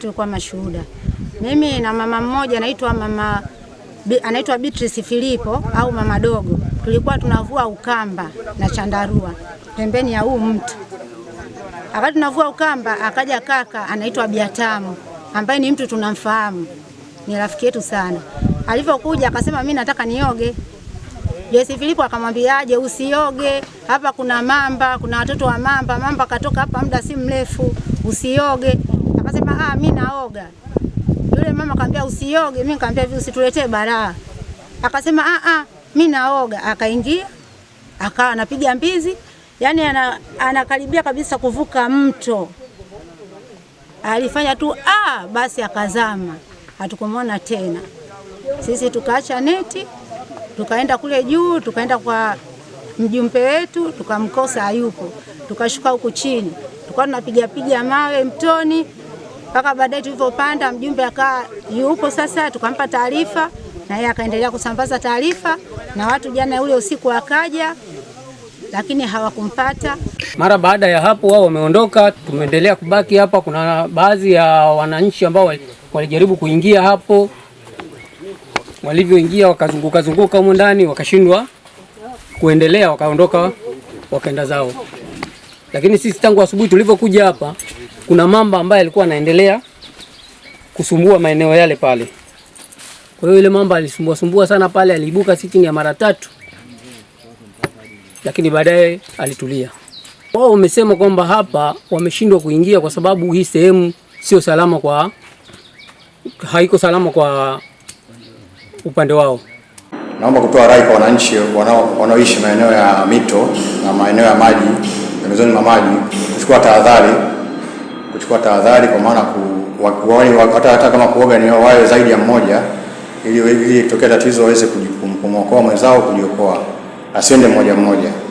Tulikuwa mashuhuda mimi na mama mmoja anaitwa mama anaitwa Beatrice Filipo au mama dogo, tulikuwa tunavua ukamba na chandarua pembeni ya huu mtu. Akati tunavua ukamba, akaja kaka anaitwa Biatamu ambaye ni mtu tunamfahamu, ni rafiki yetu sana. Alivyokuja akasema mimi nataka nioge. Jesse Filipo akamwambiaje, usioge hapa, kuna mamba, kuna watoto wa mamba. Mamba katoka hapa muda si mrefu, usioge. Akasema ah, mimi naoga. Yule mama kaambia usioge, mimi nikamwambia hivi usituletee baraa. Akasema ah ah, mimi naoga. Akaingia akawa anapiga mbizi, yani anakaribia ana kabisa kuvuka mto, alifanya tu ah, basi akazama, hatukumwona tena. Sisi tukaacha neti tukaenda kule juu, tukaenda kwa mjumbe wetu, tukamkosa, hayupo. Tukashuka huku chini, tukawa tunapigapiga mawe mtoni, mpaka baadaye tulivyopanda, mjumbe akaa yupo sasa, tukampa taarifa na yeye akaendelea kusambaza taarifa, na watu jana ule usiku akaja, lakini hawakumpata. Mara baada ya hapo, wao wameondoka, tumeendelea kubaki hapa. Kuna baadhi ya wananchi ambao walijaribu kuingia hapo, walivyoingia wakazunguka zunguka humo ndani, wakashindwa kuendelea, wakaondoka wakaenda zao. Lakini sisi tangu asubuhi tulivyokuja hapa kuna mamba ambaye alikuwa anaendelea kusumbua maeneo yale pale. Kwa hiyo ile mamba alisumbua sumbua sana pale, aliibuka si chini ya mara tatu, lakini baadaye alitulia. Wao wamesema kwamba hapa wameshindwa kuingia kwa sababu hii sehemu sio salama kwa, haiko salama kwa upande wao. Naomba kutoa rai kwa wananchi wanaoishi maeneo ya mito na maeneo ya maji pembezoni mwa maji kuchukua tahadhari kuchukua tahadhari, kwa maana hata kama kuoga ni wawe zaidi ya mmoja, ili tokea tatizo waweze kumwokoa mwenzao, kujiokoa, asiende mmoja mmoja.